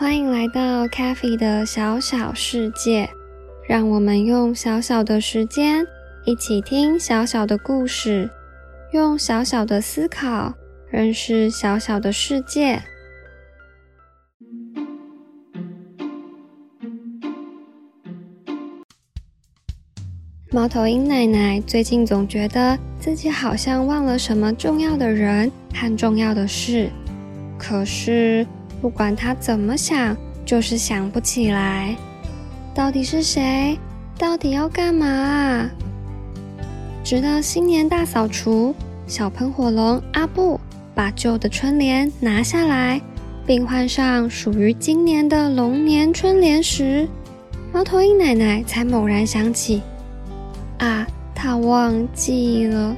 歡迎來到咖啡的小小世界，讓我們用小小的時間一起聽小小的故事，用小小的思考認識小小的世界。貓頭鷹奶奶最近總覺得自己好像忘了什麼重要的人和重要的事，可是不管他怎麼想，就是想不起來，到底是誰，到底要幹嘛啊？直到新年大掃除，小噴火龍阿布把舊的春聯拿下來，並換上屬於今年的龍年春聯時，貓頭鷹奶奶才猛然想起：啊，她忘記了，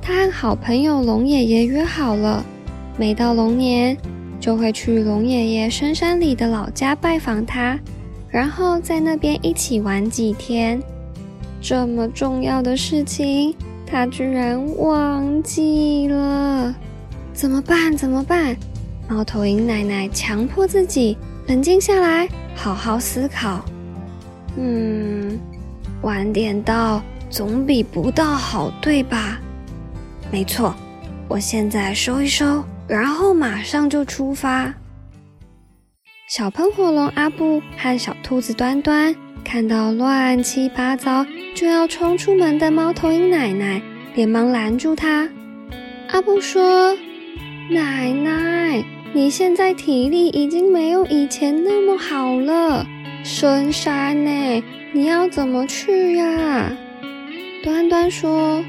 她和好朋友龍爺爺約好了，每到龍年。就會去龍爺爺深山裡的老家拜訪他，然後在那邊一起玩幾天。這麼重要的事情，他居然忘記了！怎麼辦？怎麼辦？貓頭鷹奶奶強迫自己冷靜下來，好好思考。嗯，晚點到總比不到好，對吧？沒錯，我現在收一收。然後馬上就出發。小噴火龍阿布和小兔子端端看到亂七八糟就要衝出門的貓頭鷹奶奶，連忙攔住它。阿布說：“奶奶，你現在體力已經沒有以前那麼好了，深山呢，你要怎麼去呀？”端端說：“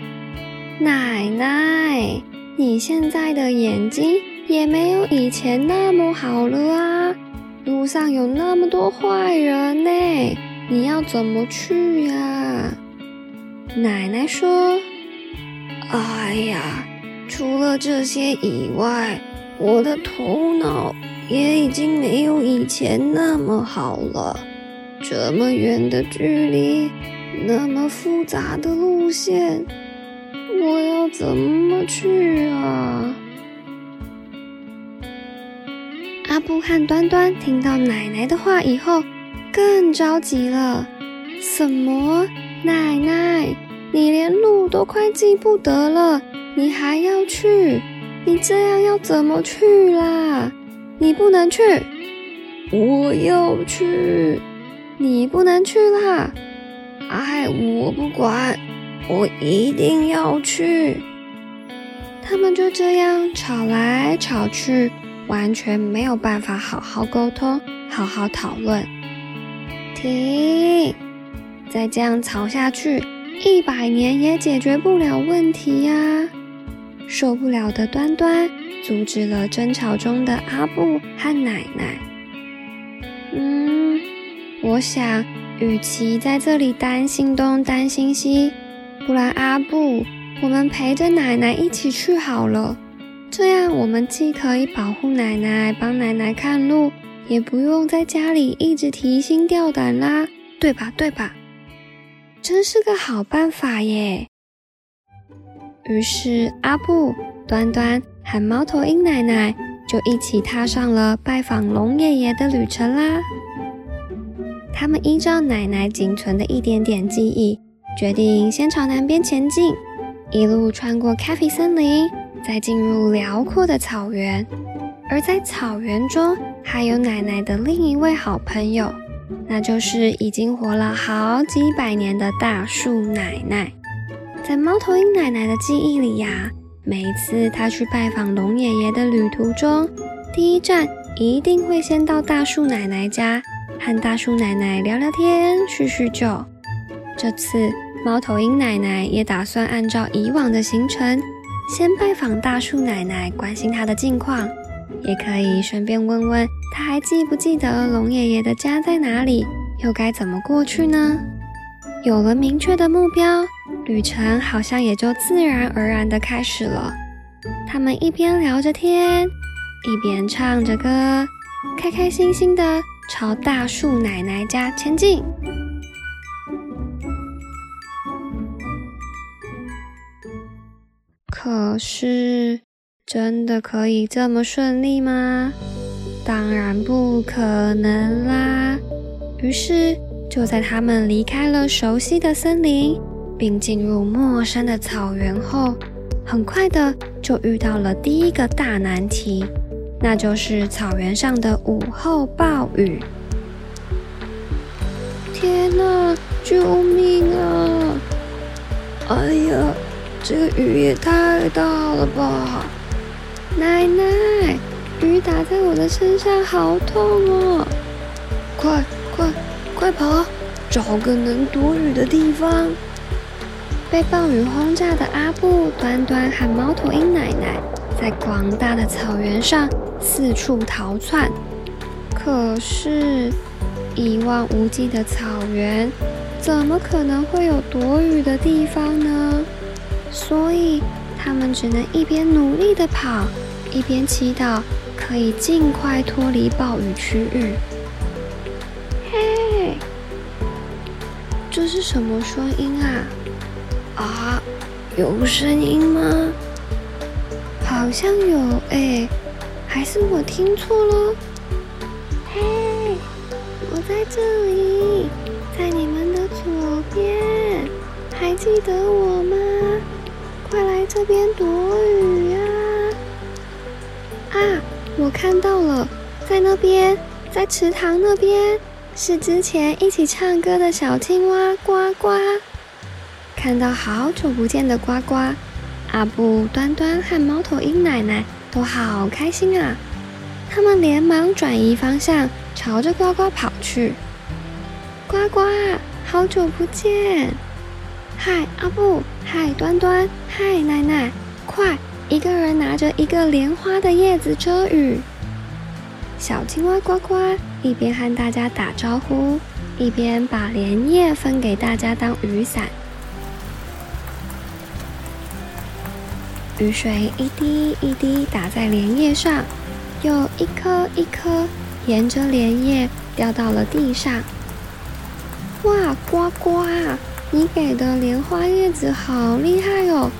奶奶。”你現在的眼睛也沒有以前那麼好了啊！路上有那麼多壞人呢，你要怎麼去呀？奶奶說：“哎呀，除了這些以外，我的頭腦也已經沒有以前那麼好了。這麼遠的距離，那麼複雜的路線。”我要怎麼去啊？阿布和端端聽到奶奶的話以後，更着急了。什麼？奶奶，你連路都快記不得了，你還要去？你這樣要怎麼去啦？你不能去。我要去。你不能去啦。哎，我不管。我一定要去。他們就這樣吵來吵去，完全沒有辦法好好溝通、好好討論。停！再這樣吵下去，一百年也解決不了問題呀！受不了的端端阻止了爭吵中的阿布和奶奶。嗯，我想，與其在這裡擔心東擔心西。不然，阿布，我們陪着奶奶一起去好了。這樣，我們既可以保護奶奶，幫奶奶看路，也不用在家裡一直提心吊膽啦，對吧？對吧？真是個好辦法耶！於是，阿布、端端和貓頭鷹奶奶就一起踏上了拜訪龍爺爺的旅程啦。他們依照奶奶僅存的一點點記憶。決定先朝南邊前進，一路穿過咖啡森林，再進入遼闊的草原。而在草原中，還有奶奶的另一位好朋友，那就是已經活了好幾百年的大樹奶奶。在貓頭鷹奶奶的記憶裡呀、啊，每一次她去拜訪龍爺爺的旅途中，第一站一定會先到大樹奶奶家，和大樹奶奶聊聊天，敘敘舊。這次，貓頭鷹奶奶也打算按照以往的行程，先拜訪大樹奶奶，關心她的近況，也可以順便問問她還記不記得龍爺爺的家在哪裡，又該怎麼過去呢？有了明確的目標，旅程好像也就自然而然的開始了。他們一邊聊着天，一邊唱着歌，開開心心的朝大樹奶奶家前進。可是，真的可以這麼順利嗎？當然不可能啦！於是，就在他們離開了熟悉的森林，並進入陌生的草原後，很快的就遇到了第一個大難題，那就是草原上的午後暴雨。天哪，救命啊！哎呀！這個雨也太大了吧！奶奶，雨打在我的身上，好痛哦！快快快快跑，找個能躲雨的地方！被暴雨轟炸的阿布、端端，喊貓頭鷹奶奶，在廣大的草原上四處逃竄。可是，一望無際的草原，怎麼可能會有躲雨的地方呢？所以他們只能一邊努力地跑，一邊祈禱可以儘快脫離暴雨區域。嘿，Hey, 這是什麼聲音啊？啊，有聲音嗎？好像有，哎，還是我聽錯了？嘿，hey, 我在這裡，在你們的左邊，還記得我嗎？快來這邊躲雨呀！啊！啊，我看到了，在那邊，在池塘那邊，是之前一起唱歌的小青蛙呱呱。看到好久不見的呱呱，阿布、端端和貓頭鷹奶奶都好開心啊！他們連忙轉移方向，朝着呱呱跑去。呱呱，好久不見！阿布、啊，嗨，端端，嗨，奶奶，快，一個人拿着一個蓮花的葉子遮雨。小青蛙呱呱，一邊和大家打招呼，一邊把蓮葉分給大家當雨傘。雨水一滴一滴打在蓮葉上，又一顆一顆沿着蓮葉掉到了地上。哇，呱呱！你給的蓮花葉子好厲害哦！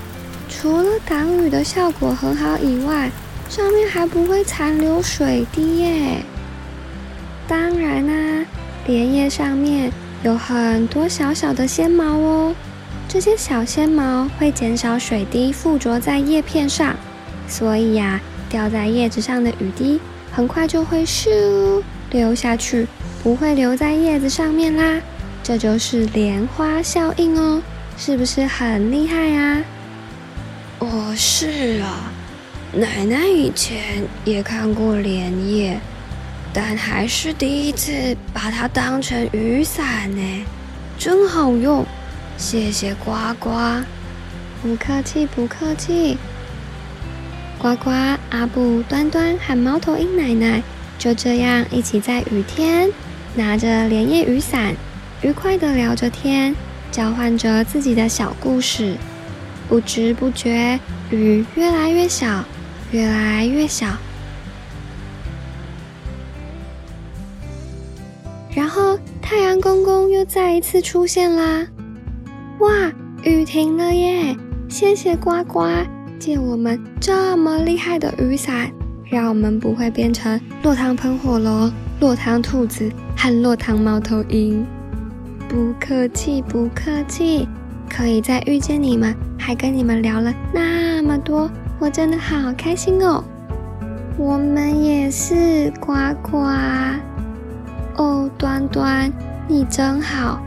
除了擋雨的效果很好以外，上面還不會殘留水滴耶。當然啦、啊，蓮葉上面有很多小小的纖毛哦，這些小纖毛會減少水滴附着在葉片上，所以呀、啊，掉在葉子上的雨滴很快就會咻流下去，不會留在葉子上面啦。這就是蓮花效應哦，是不是很厲害啊？哦，是啊，奶奶以前也看過蓮葉，但還是第一次把它當成雨傘呢，真好用。謝謝呱呱，不客氣不客氣。呱呱、阿布、端端和貓頭鷹奶奶就這樣一起在雨天拿着蓮葉雨傘。愉快地聊着天，交換着自己的小故事，不知不覺雨越來越小，越來越小。然後太陽公公又再一次出現啦！哇，雨停了耶！謝謝呱呱借我們這麼厲害的雨傘，讓我們不會變成落湯噴火龍、落湯兔子和落湯貓頭鷹。不客氣，不客氣。可以再遇見你們，還跟你們聊了那麼多，我真的好開心哦。我們也是呱呱。哦，端端，你真好。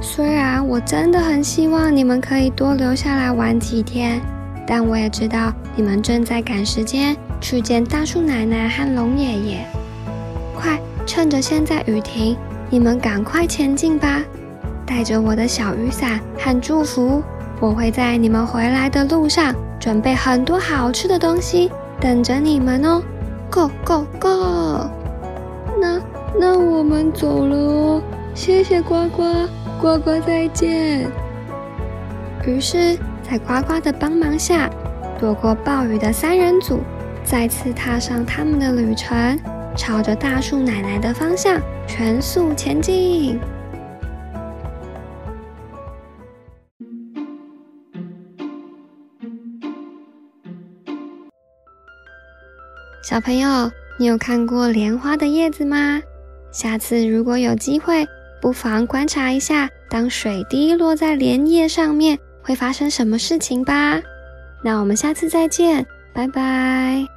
雖然我真的很希望你們可以多留下來玩幾天，但我也知道你們正在趕時間去見大樹奶奶和龍爺爺。快，趁着現在雨停，你們趕快前進吧。帶着我的小雨傘和祝福，我會在你們回來的路上準備很多好吃的東西，等着你們哦！Go go go！那那我們走了哦，謝謝呱呱，呱呱再見。於是，在呱呱的幫忙下，躲過暴雨的三人組再次踏上他們的旅程，朝着大樹奶奶的方向全速前進。小朋友，你有看過蓮花的葉子嗎？下次如果有機會，不妨觀察一下，當水滴落在蓮葉上面會發生什麼事情吧。那我們下次再見，拜拜。